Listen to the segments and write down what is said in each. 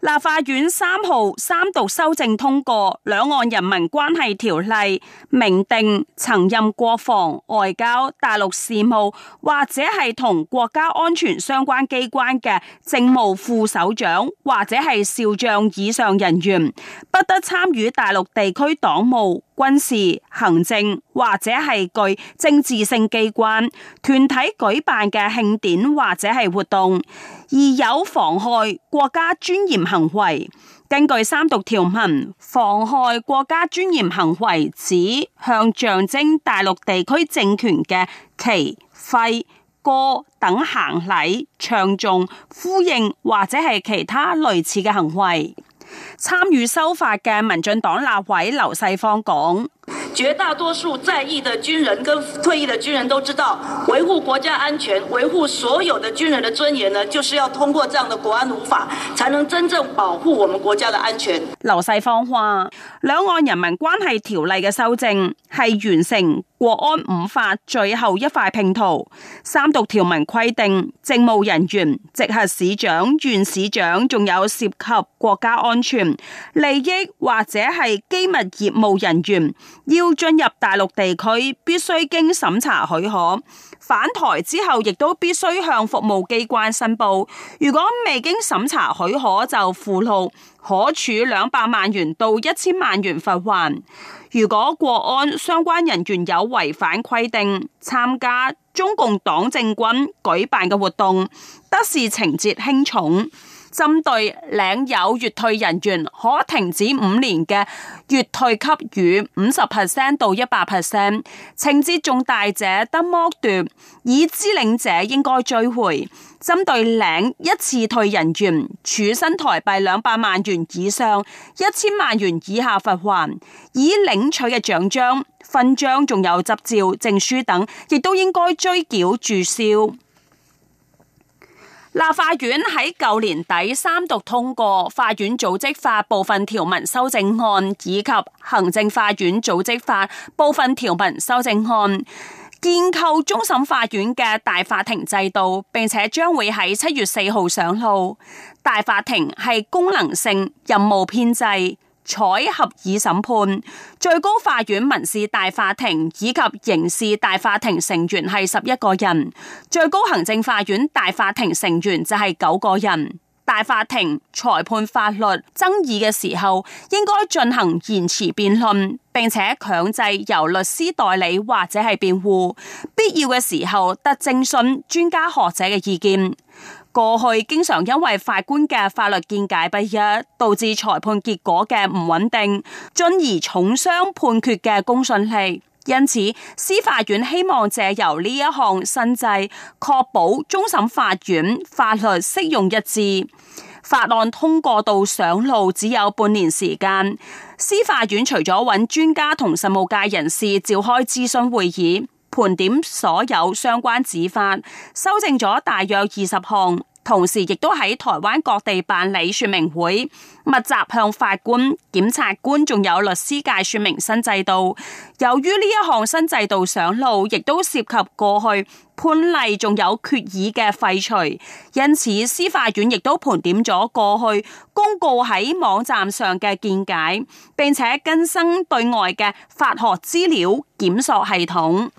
立法院三號三讀修正通過《兩岸人民關係條例》，明定曾任國防、外交、大陸事務或者係同國家安全相關機關嘅政務副首長或者係少將以上人員，不得參與大陸地區黨務、軍事、行政或者係具政治性機關團體舉辦嘅慶典或者係活動。而有妨害國家尊嚴行為，根據三讀條文，妨害國家尊嚴行為指向象徵大陸地區政權嘅旗、徽、歌等行禮、唱頌、呼應或者係其他類似嘅行為。參與修法嘅民進黨立委劉世芳講。絕大多數在役的軍人跟退役的軍人都知道，維護國家安全、維護所有的軍人的尊嚴呢，就是要通過這樣的國安五法，才能真正保護我們國家的安全。劉世芳話：兩岸人民關係條例嘅修正係完成國安五法最後一塊拼圖。三讀條文規定，政務人員、直轄市長、縣市長，仲有涉及國家安全、利益或者係機密業務人員要。進入大陸地區必須經審查許可，返台之後亦都必須向服務機關申報。如果未經審查許可就赴陸，可處兩百萬元到一千萬元罰鍰。如果國安相關人員有違反規定參加中共黨政軍舉辦嘅活動，得視情節輕重。針對領有月退人員，可停止五年嘅月退給予五十 percent 到一百 percent，情節重大者得剝奪；已支領者應該追回。針對領一次退人員，處新台幣兩百萬元以上一千萬元以下罰鍰，已領取嘅獎章、勳章仲有執照、證書等，亦都應該追繳註銷。立法院喺舊年底三讀通過《法院組織法》部分條文修正案，以及《行政法院組織法》部分條文修正案，建構終審法院嘅大法庭制度，並且將會喺七月四號上路。大法庭係功能性任務編制。採合議審判，最高法院民事大法庭以及刑事大法庭成員係十一個人，最高行政法院大法庭成員就係九個人。大法庭裁判法律爭議嘅時候，應該進行言詞辯論，並且強制由律師代理或者係辯護，必要嘅時候得徵詢專家學者嘅意見。過去經常因為法官嘅法律見解不一，導致裁判結果嘅唔穩定，進而重傷判決嘅公信力。因此，司法院希望借由呢一項新制，確保終審法院法律適用一致。法案通過到上路只有半年時間，司法院除咗揾專家同實務界人士召開諮詢會議。盤點所有相關指法，修正咗大約二十項，同時亦都喺台灣各地辦理說明會，密集向法官、檢察官仲有律師界說明新制度。由於呢一項新制度上路，亦都涉及過去判例仲有決議嘅廢除，因此司法院亦都盤點咗過去公告喺網站上嘅見解，並且更新對外嘅法學資料檢索系統。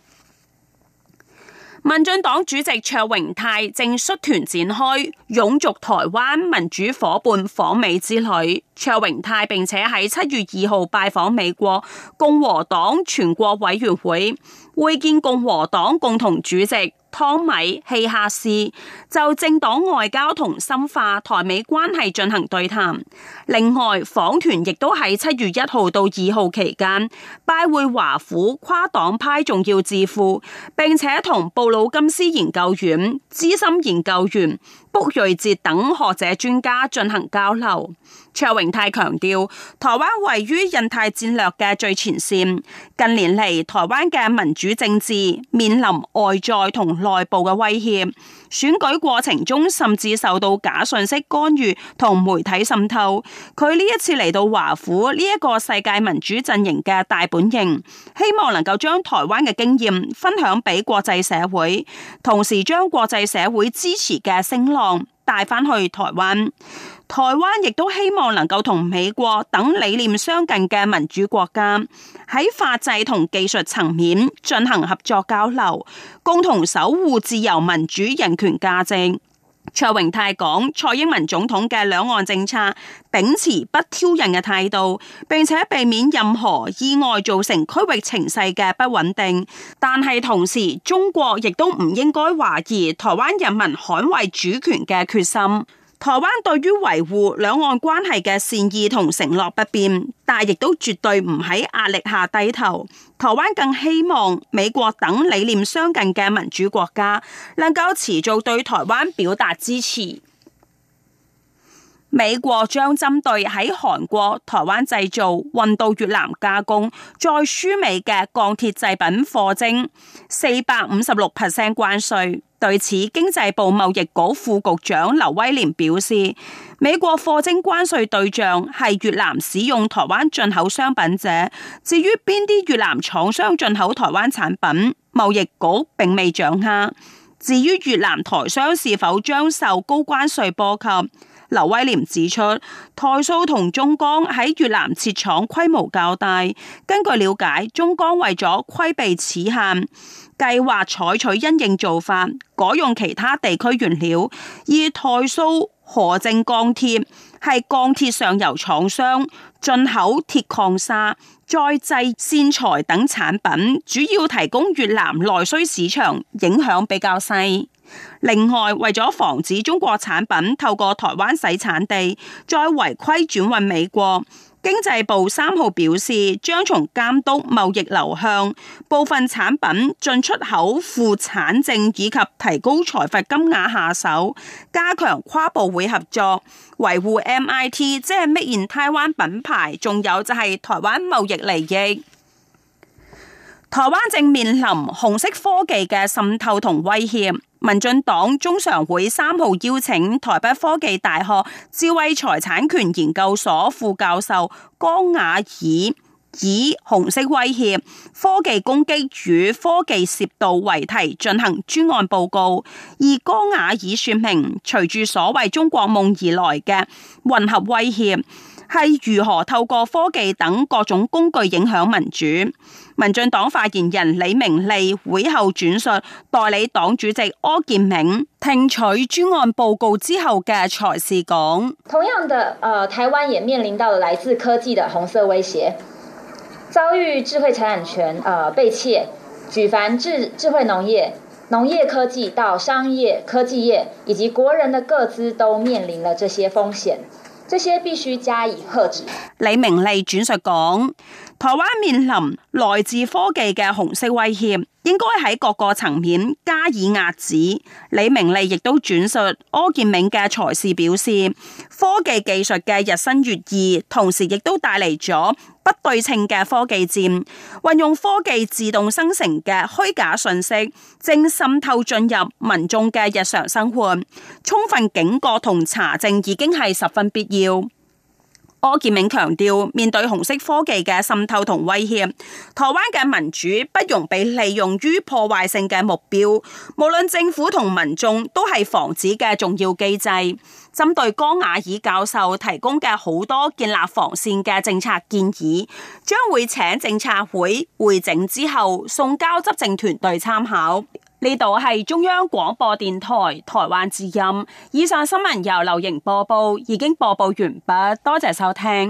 民進黨主席卓榮泰正率團展開“永續台灣民主伙伴”訪美之旅。卓榮泰並且喺七月二號拜訪美國共和黨全國委員會，會見共和黨共同主席湯米希克斯，就政黨外交同深化台美關係進行對談。另外，訪團亦都喺七月一號到二號期間拜會華府跨黨派重要智庫，並且同布魯金斯研究院資深研究員。卜瑞哲等學者專家進行交流。卓榮泰強調，台灣位於印太戰略嘅最前線。近年嚟，台灣嘅民主政治面臨外在同內部嘅威脅。選舉過程中甚至受到假訊息干預同媒體滲透。佢呢一次嚟到華府，呢一個世界民主陣營嘅大本營，希望能夠將台灣嘅經驗分享俾國際社會，同時將國際社會支持嘅聲浪帶返去台灣。台灣亦都希望能夠同美國等理念相近嘅民主國家喺法制同技術層面進行合作交流，共同守護自由民主人權價值。卓榮泰講蔡英文總統嘅兩岸政策秉持不挑釁嘅態度，並且避免任何意外造成區域情勢嘅不穩定。但係同時，中國亦都唔應該懷疑台灣人民捍衞主權嘅決心。台灣對於維護兩岸關係嘅善意同承諾不變，但亦都絕對唔喺壓力下低頭。台灣更希望美國等理念相近嘅民主國家能夠持續對台灣表達支持。美國將針對喺韓國、台灣製造運到越南加工再輸美嘅鋼鐵製品課徵四百五十六 percent 關稅。對此，經濟部貿易局副局長劉威廉表示，美國課徵關稅對象係越南使用台灣進口商品者。至於邊啲越南廠商進口台灣產品，貿易局並未掌握。至於越南台商是否將受高關稅波及？劉威廉指出，台塑同中鋼喺越南設廠規模較大。根據了解，中鋼為咗規避此限，計劃採取因應做法，改用其他地區原料；而台塑河正鋼鐵係鋼鐵上游廠商，進口鐵礦砂、再製線材等產品，主要提供越南內需市場，影響比較細。另外，為咗防止中國產品透過台灣洗產地，再違規轉運美國，經濟部三號表示，將從監督貿易流向、部分產品進出口附產證以及提高裁罰金額下手，加強跨部會合作，維護 MIT，即係 made in 台灣品牌，仲有就係台灣貿易利益。台灣正面臨紅色科技嘅滲透同威脅，民進黨中常會三號邀請台北科技大學智慧財產權研究所副教授江雅爾以紅色威脅、科技攻擊與科技涉盜為題進行專案報告。而江雅爾說明，隨住所謂中國夢而來嘅混合威脅。係如何透過科技等各種工具影響民主？民進黨發言人李明利會後轉述代理黨主席柯建銘聽取專案報告之後嘅才是講。同樣的，呃、台灣也面臨到來自科技的紅色威脅，遭遇智慧財產權、呃、被竊，舉凡智智慧農業、農業科技到商業科技業以及國人的個資都面臨了這些風險。這些必須加以遏止，李明利轉述講。台灣面臨來自科技嘅紅色威脅，應該喺各個層面加以遏止。李明利亦都轉述柯建銘嘅財視表示，科技技術嘅日新月異，同時亦都帶嚟咗不對稱嘅科技戰。運用科技自動生成嘅虛假信息，正滲透進入民眾嘅日常生活，充分警覺同查證已經係十分必要。柯建銘強調，面對紅色科技嘅滲透同威脅，台灣嘅民主不容被利用於破壞性嘅目標。無論政府同民眾，都係防止嘅重要機制。針對江雅爾教授提供嘅好多建立防線嘅政策建議，將會請政策會會整之後送交執政團隊參考。呢度係中央廣播電台台灣之音。以上新聞由劉瑩播報，已經播報完畢。多謝收聽。